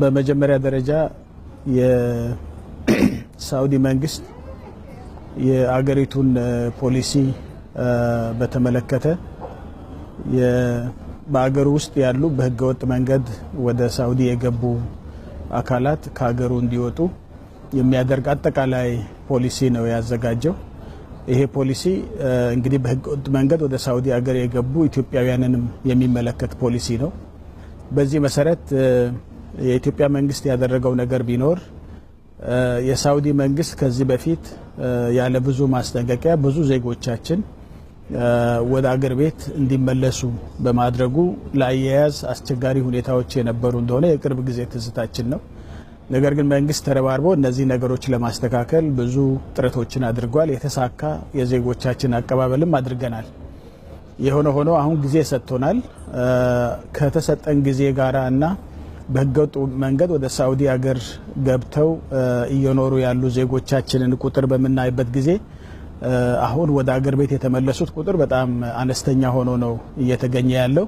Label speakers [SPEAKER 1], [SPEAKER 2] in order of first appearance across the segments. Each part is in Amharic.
[SPEAKER 1] በመጀመሪያ ደረጃ የሳውዲ መንግስት የአገሪቱን ፖሊሲ በተመለከተ በአገሩ ውስጥ ያሉ በህገወጥ መንገድ ወደ ሳውዲ የገቡ አካላት ከሀገሩ እንዲወጡ የሚያደርግ አጠቃላይ ፖሊሲ ነው ያዘጋጀው። ይሄ ፖሊሲ እንግዲህ በህገወጥ መንገድ ወደ ሳውዲ ሀገር የገቡ ኢትዮጵያውያንንም የሚመለከት ፖሊሲ ነው። በዚህ መሰረት የኢትዮጵያ መንግስት ያደረገው ነገር ቢኖር የሳውዲ መንግስት ከዚህ በፊት ያለ ብዙ ማስጠንቀቂያ ብዙ ዜጎቻችን ወደ አገር ቤት እንዲመለሱ በማድረጉ ለአያያዝ አስቸጋሪ ሁኔታዎች የነበሩ እንደሆነ የቅርብ ጊዜ ትዝታችን ነው። ነገር ግን መንግስት ተረባርቦ እነዚህ ነገሮች ለማስተካከል ብዙ ጥረቶችን አድርጓል። የተሳካ የዜጎቻችን አቀባበልም አድርገናል። የሆነ ሆኖ አሁን ጊዜ ሰጥቶናል። ከተሰጠን ጊዜ ጋራ እና በህገወጥ መንገድ ወደ ሳውዲ ሀገር ገብተው እየኖሩ ያሉ ዜጎቻችንን ቁጥር በምናይበት ጊዜ አሁን ወደ አገር ቤት የተመለሱት ቁጥር በጣም አነስተኛ ሆኖ ነው እየተገኘ ያለው።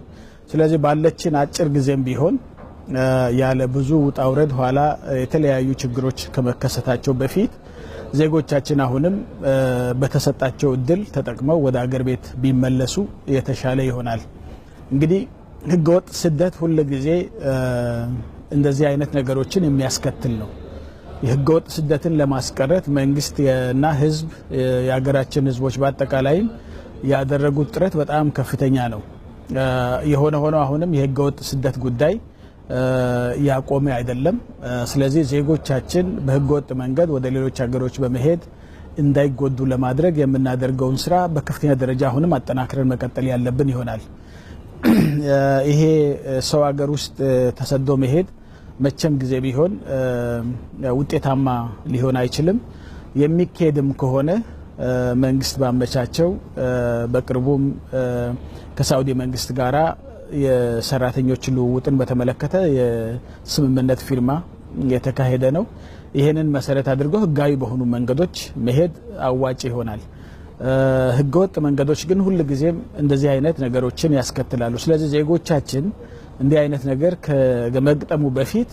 [SPEAKER 1] ስለዚህ ባለችን አጭር ጊዜም ቢሆን ያለ ብዙ ውጣ ውረድ ኋላ የተለያዩ ችግሮች ከመከሰታቸው በፊት ዜጎቻችን አሁንም በተሰጣቸው እድል ተጠቅመው ወደ አገር ቤት ቢመለሱ የተሻለ ይሆናል። እንግዲህ ህገወጥ ስደት ጊዜ እንደዚህ አይነት ነገሮችን የሚያስከትል ነው። የህገወጥ ስደትን ለማስቀረት መንግስት እና ህዝብ የሀገራችን ህዝቦች በአጠቃላይም ያደረጉት ጥረት በጣም ከፍተኛ ነው። የሆነ ሆኖ አሁንም የህገወጥ ስደት ጉዳይ ያቆመ አይደለም። ስለዚህ ዜጎቻችን በህገወጥ መንገድ ወደ ሌሎች ሀገሮች በመሄድ እንዳይጎዱ ለማድረግ የምናደርገውን ስራ በከፍተኛ ደረጃ አሁንም አጠናክረን መቀጠል ያለብን ይሆናል። ይሄ ሰው ሀገር ውስጥ ተሰዶ መሄድ መቼም ጊዜ ቢሆን ውጤታማ ሊሆን አይችልም። የሚካሄድም ከሆነ መንግስት ባመቻቸው በቅርቡም ከሳውዲ መንግስት ጋራ የሰራተኞች ልውውጥን በተመለከተ የስምምነት ፊርማ የተካሄደ ነው። ይህንን መሰረት አድርገው ህጋዊ በሆኑ መንገዶች መሄድ አዋጭ ይሆናል። ህገወጥ መንገዶች ግን ጊዜም እንደዚህ አይነት ነገሮችን ያስከትላሉ። ስለዚህ ዜጎቻችን እንዲህ አይነት ነገር ከመግጠሙ በፊት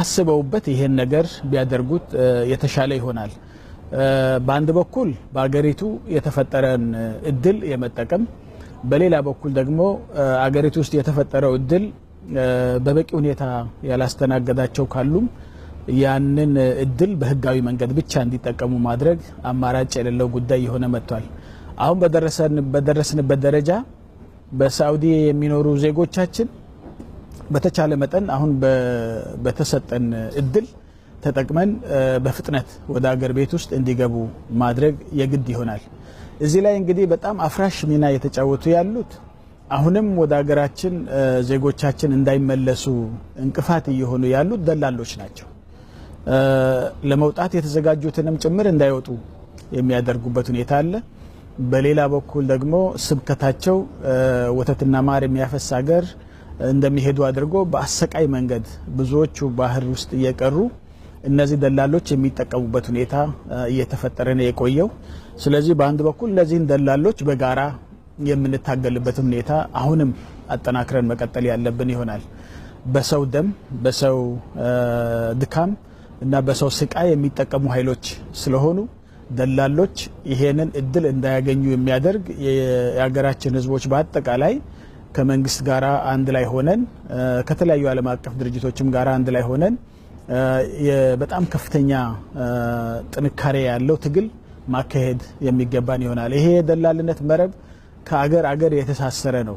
[SPEAKER 1] አስበውበት ይሄን ነገር ቢያደርጉት የተሻለ ይሆናል። በአንድ በኩል በአገሪቱ የተፈጠረን እድል የመጠቀም በሌላ በኩል ደግሞ አገሪቱ ውስጥ የተፈጠረው እድል በበቂ ሁኔታ ያላስተናገዳቸው ካሉም ያንን እድል በህጋዊ መንገድ ብቻ እንዲጠቀሙ ማድረግ አማራጭ የሌለው ጉዳይ የሆነ መጥቷል። አሁን በደረስንበት ደረጃ በሳዑዲ የሚኖሩ ዜጎቻችን በተቻለ መጠን አሁን በተሰጠን እድል ተጠቅመን በፍጥነት ወደ አገር ቤት ውስጥ እንዲገቡ ማድረግ የግድ ይሆናል። እዚህ ላይ እንግዲህ በጣም አፍራሽ ሚና የተጫወቱ ያሉት አሁንም ወደ ሀገራችን ዜጎቻችን እንዳይመለሱ እንቅፋት እየሆኑ ያሉት ደላሎች ናቸው። ለመውጣት የተዘጋጁትንም ጭምር እንዳይወጡ የሚያደርጉበት ሁኔታ አለ። በሌላ በኩል ደግሞ ስብከታቸው ወተትና ማር የሚያፈስ ሀገር እንደሚሄዱ አድርጎ በአሰቃይ መንገድ ብዙዎቹ ባህር ውስጥ እየቀሩ እነዚህ ደላሎች የሚጠቀሙበት ሁኔታ እየተፈጠረ ነው የቆየው። ስለዚህ በአንድ በኩል እነዚህን ደላሎች በጋራ የምንታገልበት ሁኔታ አሁንም አጠናክረን መቀጠል ያለብን ይሆናል። በሰው ደም፣ በሰው ድካም እና በሰው ስቃይ የሚጠቀሙ ኃይሎች ስለሆኑ ደላሎች ይሄንን እድል እንዳያገኙ የሚያደርግ የሀገራችን ህዝቦች በአጠቃላይ ከመንግስት ጋር አንድ ላይ ሆነን ከተለያዩ ዓለም አቀፍ ድርጅቶችም ጋር አንድ ላይ ሆነን በጣም ከፍተኛ ጥንካሬ ያለው ትግል ማካሄድ የሚገባን ይሆናል። ይሄ የደላልነት መረብ ከአገር አገር የተሳሰረ ነው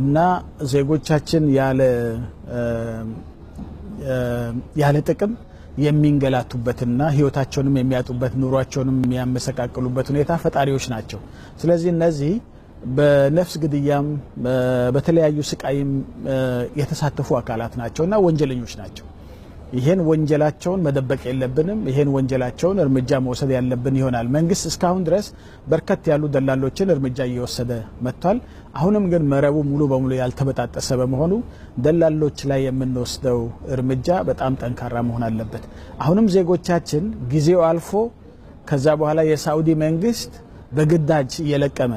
[SPEAKER 1] እና ዜጎቻችን ያለ ጥቅም የሚንገላቱበትና ህይወታቸውንም የሚያጡበት ኑሯቸውንም የሚያመሰቃቅሉበት ሁኔታ ፈጣሪዎች ናቸው። ስለዚህ እነዚህ በነፍስ ግድያም በተለያዩ ስቃይም የተሳተፉ አካላት ናቸው እና ወንጀለኞች ናቸው። ይሄን ወንጀላቸውን መደበቅ የለብንም። ይሄን ወንጀላቸውን እርምጃ መውሰድ ያለብን ይሆናል። መንግስት እስካሁን ድረስ በርከት ያሉ ደላሎችን እርምጃ እየወሰደ መጥቷል። አሁንም ግን መረቡ ሙሉ በሙሉ ያልተበጣጠሰ በመሆኑ ደላሎች ላይ የምንወስደው እርምጃ በጣም ጠንካራ መሆን አለበት። አሁንም ዜጎቻችን ጊዜው አልፎ ከዛ በኋላ የሳዑዲ መንግስት በግዳጅ እየለቀመ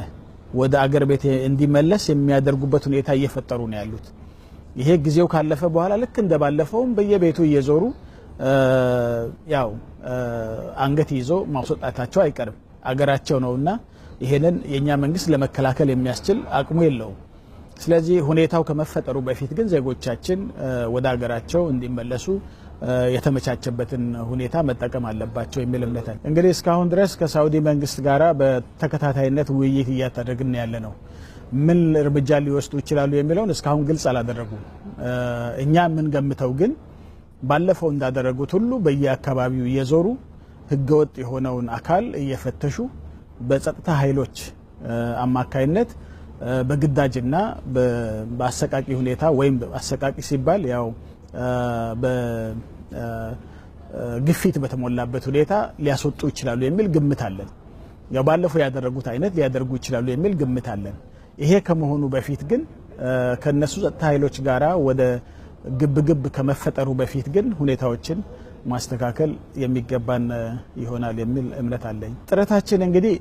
[SPEAKER 1] ወደ አገር ቤት እንዲመለስ የሚያደርጉበት ሁኔታ እየፈጠሩ ነው ያሉት። ይሄ ጊዜው ካለፈ በኋላ ልክ እንደባለፈውም በየቤቱ እየዞሩ ያው አንገት ይዞ ማስወጣታቸው አይቀርም። አገራቸው ነውና ይሄንን የእኛ መንግስት ለመከላከል የሚያስችል አቅሙ የለውም። ስለዚህ ሁኔታው ከመፈጠሩ በፊት ግን ዜጎቻችን ወደ አገራቸው እንዲመለሱ የተመቻቸበትን ሁኔታ መጠቀም አለባቸው የሚል እምነት አለ። እንግዲህ እስካሁን ድረስ ከሳውዲ መንግስት ጋራ በተከታታይነት ውይይት እያደረግን ያለ ነው። ምን እርምጃ ሊወስዱ ይችላሉ የሚለውን እስካሁን ግልጽ አላደረጉም። እኛ የምንገምተው ግን ባለፈው እንዳደረጉት ሁሉ በየአካባቢው እየዞሩ ህገወጥ የሆነውን አካል እየፈተሹ በጸጥታ ኃይሎች አማካይነት በግዳጅና በአሰቃቂ ሁኔታ ወይም አሰቃቂ ሲባል ያው ግፊት በተሞላበት ሁኔታ ሊያስወጡ ይችላሉ የሚል ግምት አለን። ያው ባለፈው ያደረጉት አይነት ሊያደርጉ ይችላሉ የሚል ግምት አለን። ይሄ ከመሆኑ በፊት ግን ከነሱ ጸጥታ ኃይሎች ጋራ ወደ ግብግብ ከመፈጠሩ በፊት ግን ሁኔታዎችን ማስተካከል የሚገባን ይሆናል የሚል እምነት አለኝ። ጥረታችን እንግዲህ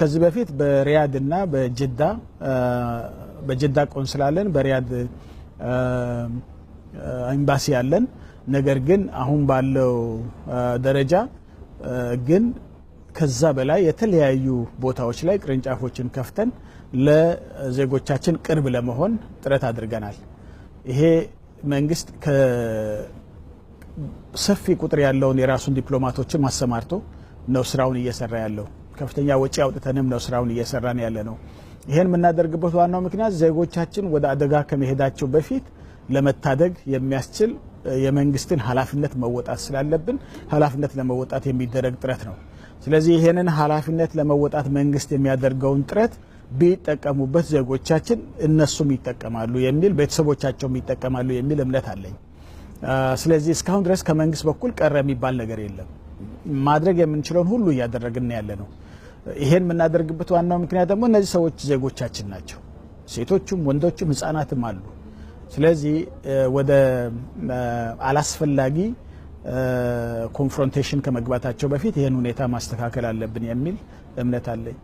[SPEAKER 1] ከዚህ በፊት በሪያድ እና በጅዳ በጅዳ ቆንስላለን በሪያድ ኤምባሲ ያለን፣ ነገር ግን አሁን ባለው ደረጃ ግን ከዛ በላይ የተለያዩ ቦታዎች ላይ ቅርንጫፎችን ከፍተን ለዜጎቻችን ቅርብ ለመሆን ጥረት አድርገናል። ይሄ መንግስት ከሰፊ ቁጥር ያለውን የራሱን ዲፕሎማቶችን አሰማርቶ ነው ስራውን እየሰራ ያለው። ከፍተኛ ወጪ አውጥተንም ነው ስራውን እየሰራን ያለ ነው። ይሄን የምናደርግበት ዋናው ምክንያት ዜጎቻችን ወደ አደጋ ከመሄዳቸው በፊት ለመታደግ የሚያስችል የመንግስትን ኃላፊነት መወጣት ስላለብን ኃላፊነት ለመወጣት የሚደረግ ጥረት ነው። ስለዚህ ይህንን ኃላፊነት ለመወጣት መንግስት የሚያደርገውን ጥረት ቢጠቀሙበት ዜጎቻችን እነሱም ይጠቀማሉ የሚል ቤተሰቦቻቸውም ይጠቀማሉ የሚል እምነት አለኝ። ስለዚህ እስካሁን ድረስ ከመንግስት በኩል ቀረ የሚባል ነገር የለም። ማድረግ የምንችለውን ሁሉ እያደረግን ያለ ነው። ይሄን የምናደርግበት ዋናው ምክንያት ደግሞ እነዚህ ሰዎች ዜጎቻችን ናቸው። ሴቶቹም ወንዶቹም ህጻናትም አሉ። ስለዚህ ወደ አላስፈላጊ ኮንፍሮንቴሽን ከመግባታቸው በፊት ይህን ሁኔታ ማስተካከል አለብን የሚል እምነት አለኝ።